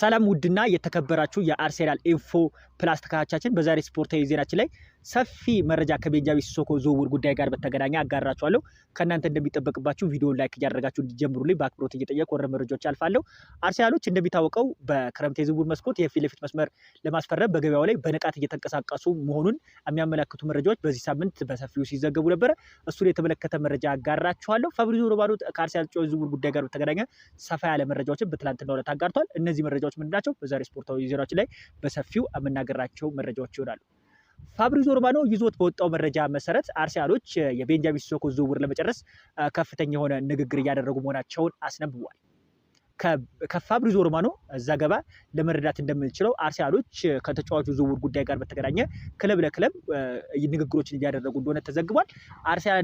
ሰላም ውድና የተከበራችሁ የአርሴናል ኢንፎ ፕላስ ተከታታዮቻችን በዛሬ ስፖርታዊ ዜናችን ላይ ሰፊ መረጃ ከቤንጃሚን ሲስኮ ዝውውር ጉዳይ ጋር በተገናኘ አጋራችኋለሁ። ከእናንተ እንደሚጠበቅባችሁ ቪዲዮን ላይክ እያደረጋችሁ እንዲጀምሩልኝ በአክብሮት እየጠየቁ ወረ መረጃዎች አልፋለሁ። አርሰናሎች እንደሚታወቀው በክረምት የዝውውር መስኮት የፊት ለፊት መስመር ለማስፈረም በገበያው ላይ በንቃት እየተንቀሳቀሱ መሆኑን የሚያመላክቱ መረጃዎች በዚህ ሳምንት በሰፊው ሲዘገቡ ነበረ። እሱን የተመለከተ መረጃ አጋራችኋለሁ። ፋብሪዞ ሮማኖ ከአርሰናል ዝውውር ጉዳይ ጋር በተገናኘ ሰፋ ያለ መረጃዎችን በትላንትናው ዕለት አጋርቷል። እነዚህ መረጃዎች ምንድናቸው? በዛሬ ስፖርታዊ ዜናችን ላይ በሰፊው የምናገራቸው መረጃዎች ይሆናሉ። ፋብሪዞ ሮማኖ ይዞት በወጣው መረጃ መሰረት አርሰናሎች የቤንጃሚን ሲስኮ ዝውውር ለመጨረስ ከፍተኛ የሆነ ንግግር እያደረጉ መሆናቸውን አስነብቧል። ከፋብሪዞ ሮማኖ እዛ ገባ ለመረዳት እንደምንችለው አርሰናሎች ከተጫዋቹ ዝውውር ጉዳይ ጋር በተገናኘ ክለብ ለክለብ ንግግሮችን እያደረጉ እንደሆነ ተዘግቧል።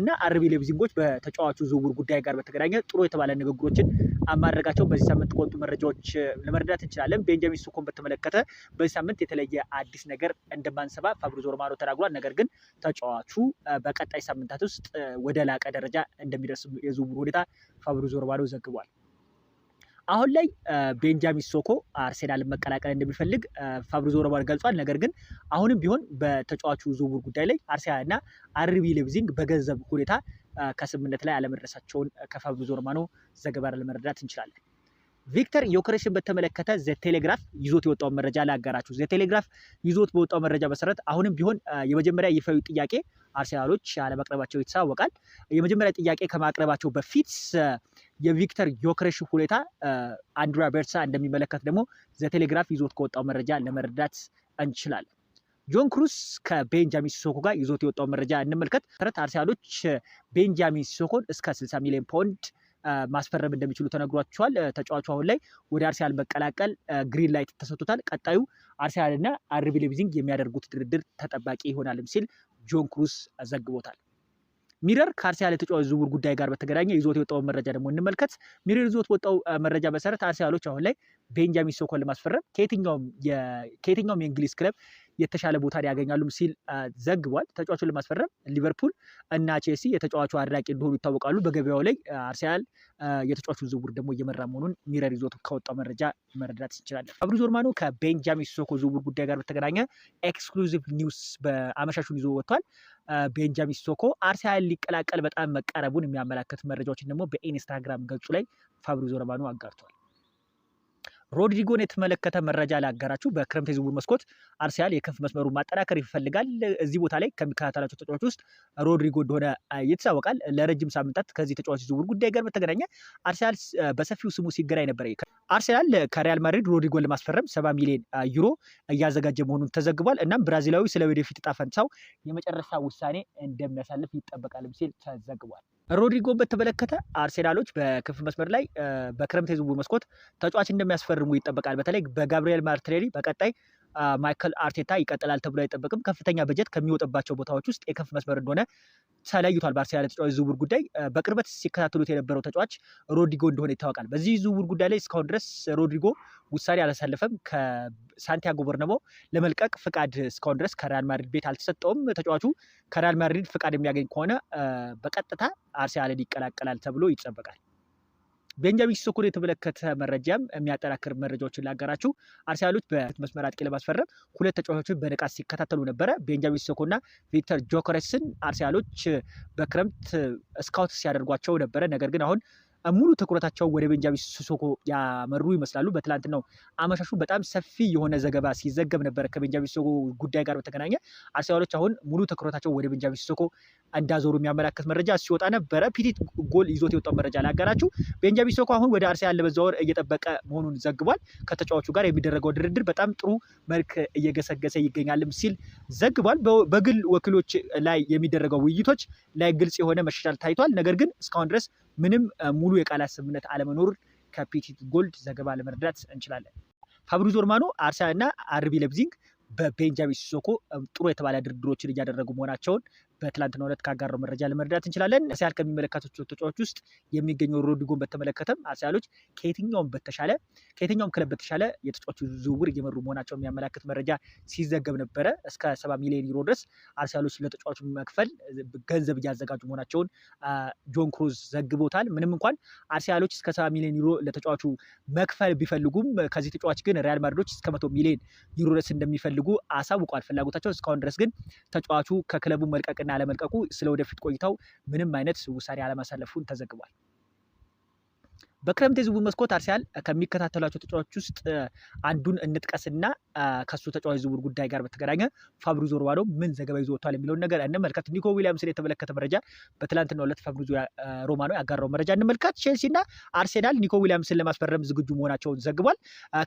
እና አርቢ ሌብዚንጎች በተጫዋቹ ዝውውር ጉዳይ ጋር በተገናኘ ጥሩ የተባለ ንግግሮችን አማድረጋቸው በዚህ ሳምንት ከወጡ መረጃዎች ለመረዳት እንችላለን። ቤንጃሚን ሱኮን በተመለከተ በዚህ ሳምንት የተለየ አዲስ ነገር እንደማንሰባ ፋብሪዞ ሮማኖ ተናግሯል። ነገር ግን ተጫዋቹ በቀጣይ ሳምንታት ውስጥ ወደ ላቀ ደረጃ እንደሚደርስ የዝውውር ሁኔታ ፋብሪዞ ሮማኖ ዘግቧል። አሁን ላይ ቤንጃሚን ሶኮ አርሴናል መቀላቀል እንደሚፈልግ ፋብሪዞ ሮማን ገልጿል። ነገር ግን አሁንም ቢሆን በተጫዋቹ ዝውውር ጉዳይ ላይ አርሴናል እና አርቢ ሌብዚንግ በገንዘብ ሁኔታ ከስምምነት ላይ አለመድረሳቸውን ከፋብሪዞ ሮማኖ ዘገባ ለመረዳት እንችላለን። ቪክተር ዮከሬስን በተመለከተ ዘቴሌግራፍ ይዞት የወጣውን መረጃ ላጋራችሁ። ዘቴሌግራፍ ይዞት በወጣው መረጃ መሰረት አሁንም ቢሆን የመጀመሪያ ይፋዊ ጥያቄ አርሴናሎች አለማቅረባቸው ይታወቃል። የመጀመሪያ ጥያቄ ከማቅረባቸው በፊት የቪክተር ዮክሬሽ ሁኔታ አንድሪያ በርሳ እንደሚመለከት ደግሞ ዘቴሌግራፍ ይዞት ከወጣው መረጃ ለመረዳት እንችላለን። ጆን ክሩስ ከቤንጃሚን ሲሶኮ ጋር ይዞት የወጣው መረጃ እንመልከት። ረት አርሰናሎች ቤንጃሚን ሲሶኮን እስከ 60 ሚሊዮን ፓውንድ ማስፈረም እንደሚችሉ ተነግሯቸዋል። ተጫዋቹ አሁን ላይ ወደ አርሰናል መቀላቀል ግሪን ላይት ተሰጥቶታል። ቀጣዩ አርሰናልና አርቢ ላይፕዚግ የሚያደርጉት ድርድር ተጠባቂ ይሆናልም ሲል ጆን ክሩስ ዘግቦታል። ሚረር ከአርሰናል የተጫዋች ዝውውር ጉዳይ ጋር በተገናኘ ይዞት የወጣውን መረጃ ደግሞ እንመልከት። ሚረር ይዞት ወጣው መረጃ መሰረት አርሰናሎች አሁን ላይ ቤንጃሚን ሶኮን ለማስፈረም ከየትኛውም የእንግሊዝ ክለብ የተሻለ ቦታ ያገኛሉ ያገኛሉም ሲል ዘግቧል። ተጫዋቹን ለማስፈረም ሊቨርፑል እና ቼልሲ የተጫዋቹ አድናቂ እንደሆኑ ይታወቃሉ። በገበያው ላይ አርሰናል የተጫዋቹን ዝውውር ደግሞ እየመራ መሆኑን ሚረር ይዞት ከወጣው መረጃ መረዳት እንችላለን። አብሪ ዞርማኖ ከቤንጃሚን ሶኮ ዝውውር ጉዳይ ጋር በተገናኘ ኤክስክሉዚቭ ኒውስ በአመሻሹን ይዞ ወጥቷል። ቤንጃሚን ሲሶኮ አርሰናል ሊቀላቀል በጣም መቃረቡን የሚያመላክት መረጃዎችን ደግሞ በኢንስታግራም ገጹ ላይ ፋብሪዞ ሮማኖ አጋርቷል። ሮድሪጎን የተመለከተ መረጃ ላገራችሁ። በክረምት የዝውውር መስኮት አርሰናል የክንፍ መስመሩን ማጠናከር ይፈልጋል። እዚህ ቦታ ላይ ከሚከታተላቸው ተጫዋች ውስጥ ሮድሪጎ እንደሆነ ይታወቃል። ለረጅም ሳምንታት ከዚህ ተጫዋች ዝውውር ጉዳይ ጋር በተገናኘ አርሰናል በሰፊው ስሙ ሲገናኝ ነበረ። አርሰናል ከሪያል ማድሪድ ሮድሪጎን ለማስፈረም ሰባ ሚሊዮን ዩሮ እያዘጋጀ መሆኑን ተዘግቧል። እናም ብራዚላዊ ስለ ወደፊት እጣ ፈንታው የመጨረሻ ውሳኔ እንደሚያሳልፍ ይጠበቃልም ሲል ተዘግቧል። ሮድሪጎ በተመለከተ አርሴናሎች በክፍ መስመር ላይ በክረምት የዝውውር መስኮት ተጫዋች እንደሚያስፈርሙ ይጠበቃል። በተለይ በጋብሪኤል ማርትሬሊ በቀጣይ ማይከል አርቴታ ይቀጥላል ተብሎ አይጠበቅም። ከፍተኛ በጀት ከሚወጣባቸው ቦታዎች ውስጥ የከፍ መስመር እንደሆነ ተለይቷል። በአርሰናል ተጫዋች ዝውውር ጉዳይ በቅርበት ሲከታተሉት የነበረው ተጫዋች ሮድሪጎ እንደሆነ ይታወቃል። በዚህ ዝውውር ጉዳይ ላይ እስካሁን ድረስ ሮድሪጎ ውሳኔ አላሳለፈም። ከሳንቲያጎ በርነቦ ለመልቀቅ ፍቃድ እስካሁን ድረስ ከሪያል ማድሪድ ቤት አልተሰጠውም። ተጫዋቹ ከሪያል ማድሪድ ፍቃድ የሚያገኝ ከሆነ በቀጥታ አርሰናልን ይቀላቀላል ተብሎ ይጠበቃል። ቤንጃሚን ሲስኮን የተመለከተ መረጃም የሚያጠናክር መረጃዎችን ላጋራችሁ። አርሰናሎች በመስመር አጥቂ ለማስፈረም ሁለት ተጫዋቾችን በንቃት ሲከታተሉ ነበረ። ቤንጃሚን ሲስኮና ቪክተር ጆከሬስን አርሰናሎች በክረምት ስካውት ሲያደርጓቸው ነበረ። ነገር ግን አሁን ሙሉ ትኩረታቸውን ወደ ቤንጃሚን ሲሶኮ ያመሩ ይመስላሉ። ነው አመሻሹ በጣም ሰፊ የሆነ ዘገባ ሲዘገብ ነበረ ከቤንጃሚን ሲሶኮ ጉዳይ ጋር በተገናኘ አርሰናሎች አሁን ሙሉ ትኩረታቸው ወደ ቤንጃሚን ሲሶኮ እንዳዞሩ የሚያመላክት መረጃ ሲወጣ ነበረ። ፒቲት ጎል ይዞት የወጣው መረጃ ላጋራችሁ። ቤንጃሚን ሲሶኮ አሁን ወደ አርሰናል ለመዘዋወር እየጠበቀ መሆኑን ዘግቧል። ከተጫዋቹ ጋር የሚደረገው ድርድር በጣም ጥሩ መልክ እየገሰገሰ ይገኛልም ሲል ዘግቧል። በግል ወኪሎች ላይ የሚደረገው ውይይቶች ላይ ግልጽ የሆነ መሻሻል ታይቷል። ነገር ግን እስካሁን ድረስ ምንም ሙሉ የቃላት ስምምነት አለመኖር ከፒቲት ጎልድ ዘገባ ለመረዳት እንችላለን። ፋብሪዞ ሮማኖ አርሰናል እና አርቢ ሌፕዚግ በቤንጃሚን ሲሶኮ ጥሩ የተባለ ድርድሮችን እያደረጉ መሆናቸውን በትላንትና ዕለት ካጋረው መረጃ ለመረዳት እንችላለን። አርሰናል ከሚመለከታቸው ተጫዋቾች ውስጥ የሚገኘው ሮድሪጎን በተመለከተም አርሰናሎች ከየትኛውም በተሻለ ከየትኛውም ክለብ በተሻለ የተጫዋቹ ዝውውር እየመሩ መሆናቸው የሚያመላክት መረጃ ሲዘገብ ነበረ። እስከ ሰባ ሚሊዮን ዩሮ ድረስ አርሰናሎች ለተጫዋቹ መክፈል ገንዘብ እያዘጋጁ መሆናቸውን ጆን ክሩዝ ዘግቦታል። ምንም እንኳን አርሰናሎች እስከ ሰባ ሚሊዮን ዩሮ ለተጫዋቹ መክፈል ቢፈልጉም ከዚህ ተጫዋች ግን ሪያል ማድሪዶች እስከ መቶ ሚሊዮን ዩሮ ድረስ እንደሚፈልጉ አሳውቋል። ፍላጎታቸው እስካሁን ድረስ ግን ተጫዋቹ ከክለቡ መልቀቅ ጥቅና ለመልቀቁ ስለ ወደፊት ቆይታው ምንም አይነት ውሳኔ አለማሳለፉን ተዘግቧል። በክረምት የዝውውር መስኮት አርሰናል ከሚከታተሏቸው ተጫዋቾች ውስጥ አንዱን እንጥቀስና ከሱ ተጫዋች ዝውውር ጉዳይ ጋር በተገናኘ ፋብሪዞ ሮማኖ ምን ዘገባ ይዞ ወጥቷል የሚለውን ነገር እንመልከት። ኒኮ ዊሊያምስን የተመለከተ መረጃ በትላንትናው ዕለት ፋብሪዞ ሮማኖ ያጋራው መረጃ እንመልከት። ቼልሲና አርሴናል ኒኮ ዊሊያምስን ለማስፈረም ዝግጁ መሆናቸውን ዘግቧል።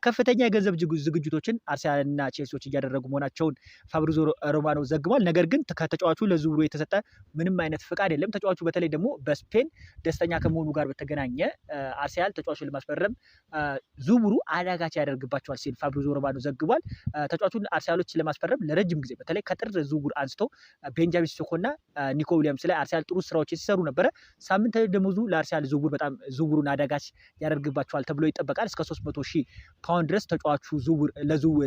ከፍተኛ የገንዘብ ዝግጅቶችን አርሴናልና ቼልሲዎች እያደረጉ መሆናቸውን ፋብሪዞ ሮማኖ ዘግቧል። ነገር ግን ከተጫዋቹ ለዝውውሩ የተሰጠ ምንም አይነት ፍቃድ የለም። ተጫዋቹ በተለይ ደግሞ በስፔን ደስተኛ ከመሆኑ ጋር በተገናኘ አርሴናል ተጫዋቹን ለማስፈረም ዝውውሩ አዳጋች ያደርግባቸዋል ሲል ፋብሪዞ ሮማኖ ዘግቧል። ተጫዋቹን አርሴናሎች ለማስፈረም ለረጅም ጊዜ በተለይ ከጥር ዝውውር አንስቶ ቤንጃሚን ሲስኮና ኒኮ ዊሊያምስ ላይ አርሴናል ጥሩ ስራዎች ሲሰሩ ነበረ። ሳምንታዊ ደሞዙ ለአርሴናል ዝውውር በጣም ዝውውሩን አዳጋች ያደርግባቸዋል ተብሎ ይጠበቃል። እስከ 300 ሺህ ፓውንድ ድረስ ተጫዋቹ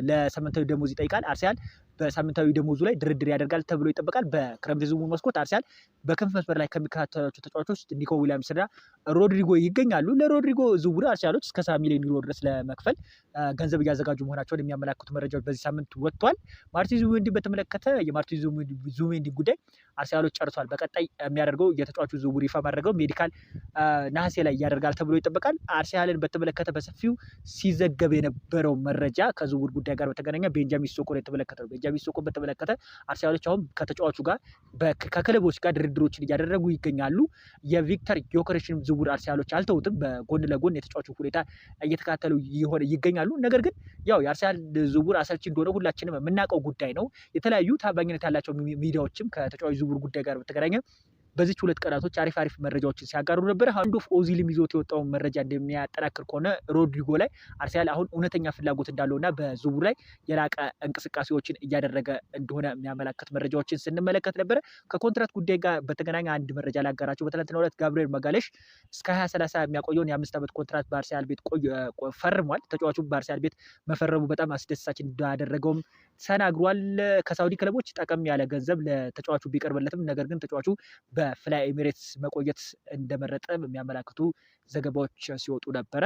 ለሳምንታዊ ደሞዝ ይጠይቃል። አርሴናል በሳምንታዊ ደሞዙ ላይ ድርድር ያደርጋል ተብሎ ይጠበቃል። በክረምት ዝውውር መስኮት አርሰናል በክንፍ መስመር ላይ ከሚከታተላቸው ተጫዋቾች ውስጥ ኒኮ ዊሊያምስ እና ሮድሪጎ ይገኛሉ። ለሮድሪጎ ዝውውር አርሰናሎች እስከ ሰባ ሚሊዮን ዩሮ ድረስ ለመክፈል ገንዘብ እያዘጋጁ መሆናቸውን የሚያመላክቱ መረጃዎች በዚህ ሳምንት ወጥቷል። ማርቲን ዙቢሜንዲን በተመለከተ የማርቲን ዙቢሜንዲን ጉዳይ አርሰናሎች ጨርሷል። በቀጣይ የሚያደርገው የተጫዋቹ ዝውውር ይፋ ማድረገው ሜዲካል ነሐሴ ላይ ያደርጋል ተብሎ ይጠበቃል። አርሰናልን በተመለከተ በሰፊው ሲዘገብ የነበረው መረጃ ከዝውውር ጉዳይ ጋር በተገናኘ ቤንጃሚን ሲስኮን የተመለከተ ነው። ጃቪድ ሶኮን በተመለከተ አርሰናሎች አሁን ከተጫዋቹ ጋር ከክለቦች ጋር ድርድሮችን እያደረጉ ይገኛሉ። የቪክተር ዮከሬስንም ዝውውር አርሰናሎች አልተውትም። በጎን ለጎን የተጫዋቹ ሁኔታ እየተከታተሉ የሆነ ይገኛሉ። ነገር ግን ያው የአርሰናል ዝውውር አሰልቺ እንደሆነ ሁላችንም የምናውቀው ጉዳይ ነው። የተለያዩ ታማኝነት ያላቸው ሚዲያዎችም ከተጫዋቹ ዝውውር ጉዳይ ጋር በተገናኘ በዚች ሁለት ቀናቶች አሪፍ አሪፍ መረጃዎችን ሲያጋሩ ነበረ። አንዱ ኦዚልም ይዞት የወጣውን መረጃ እንደሚያጠናክር ከሆነ ሮድሪጎ ላይ አርሰናል አሁን እውነተኛ ፍላጎት እንዳለውና በዝውውሩ ላይ የላቀ እንቅስቃሴዎችን እያደረገ እንደሆነ የሚያመላክት መረጃዎችን ስንመለከት ነበረ። ከኮንትራት ጉዳይ ጋር በተገናኘ አንድ መረጃ ላጋራቸው። በትናንትናው ዕለት ጋብሪኤል መጋለሽ እስከ 2030 የሚያቆየውን የአምስት ዓመት ኮንትራት በአርሰናል ቤት ፈርሟል። ተጫዋቹ በአርሰናል ቤት መፈረሙ በጣም አስደሳች እንዳደረገውም ተናግሯል። ከሳውዲ ክለቦች ጠቀም ያለ ገንዘብ ለተጫዋቹ ቢቀርበለትም ነገር ግን ተጫዋቹ በፍላይ ኤሚሬትስ መቆየት እንደመረጠ የሚያመላክቱ ዘገባዎች ሲወጡ ነበረ።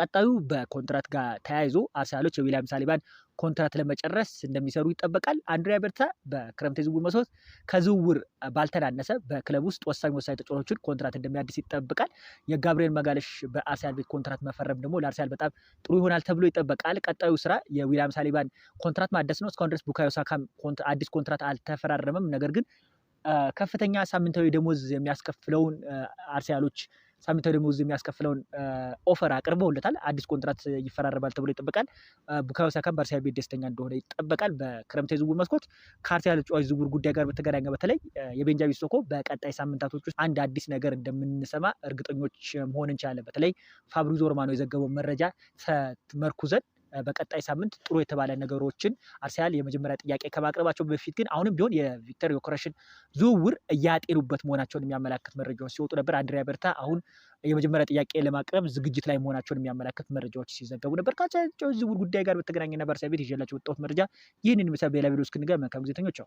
ቀጣዩ በኮንትራት ጋር ተያይዞ አርሰናሎች የዊሊያም ሳሊባን ኮንትራት ለመጨረስ እንደሚሰሩ ይጠበቃል። አንድሪያ በርታ በክረምት የዝውውር መስኮት ከዝውውር ባልተናነሰ በክለብ ውስጥ ወሳኝ ወሳኝ ተጫዋቾችን ኮንትራት እንደሚያድስ ይጠበቃል። የጋብሪኤል መጋለሽ በአርሰናል ቤት ኮንትራት መፈረም ደግሞ ለአርሰናል በጣም ጥሩ ይሆናል ተብሎ ይጠበቃል። ቀጣዩ ስራ የዊሊያም ሳሊባን ኮንትራት ማደስ ነው። እስካሁን ድረስ ቡካዮ ሳካም አዲስ ኮንትራት አልተፈራረመም። ነገር ግን ከፍተኛ ሳምንታዊ ደሞዝ የሚያስከፍለውን አርሰናሎች ሳምንታዊ ደሞዝ የሚያስከፍለውን ኦፈር አቅርበውለታል። አዲስ ኮንትራት ይፈራረባል ተብሎ ይጠበቃል። ቡካዮ ሳካም በአርሰናል ቤት ደስተኛ እንደሆነ ይጠበቃል። በክረምታዊ ዝውውር መስኮት ከአርሰናል ተጫዋች ዝውውር ጉዳይ ጋር በተገናኘ በተለይ የቤንጃሚን ሲስኮ በቀጣይ ሳምንታቶች ውስጥ አንድ አዲስ ነገር እንደምንሰማ እርግጠኞች መሆን እንችላለን። በተለይ ፋብሪዞ ሮማኖ የዘገበው መረጃ ተመርኩዘን በቀጣይ ሳምንት ጥሩ የተባለ ነገሮችን አርሰናል የመጀመሪያ ጥያቄ ከማቅረባቸው በፊት ግን አሁንም ቢሆን የቪክተር ዮከረስን ዝውውር እያጤኑበት መሆናቸውን የሚያመላክት መረጃዎች ሲወጡ ነበር። አንድሪያ በርታ አሁን የመጀመሪያ ጥያቄ ለማቅረብ ዝግጅት ላይ መሆናቸውን የሚያመላክት መረጃዎች ሲዘገቡ ነበር። ከአቻቸው ዝውውር ጉዳይ ጋር በተገናኘ ነበር ቤት ይዤላቸው ወጣሁት መረጃ ይህንን መሳ በሌላ ቪዲዮ እስክንገናኝ መልካም ጊዜ ተኞች።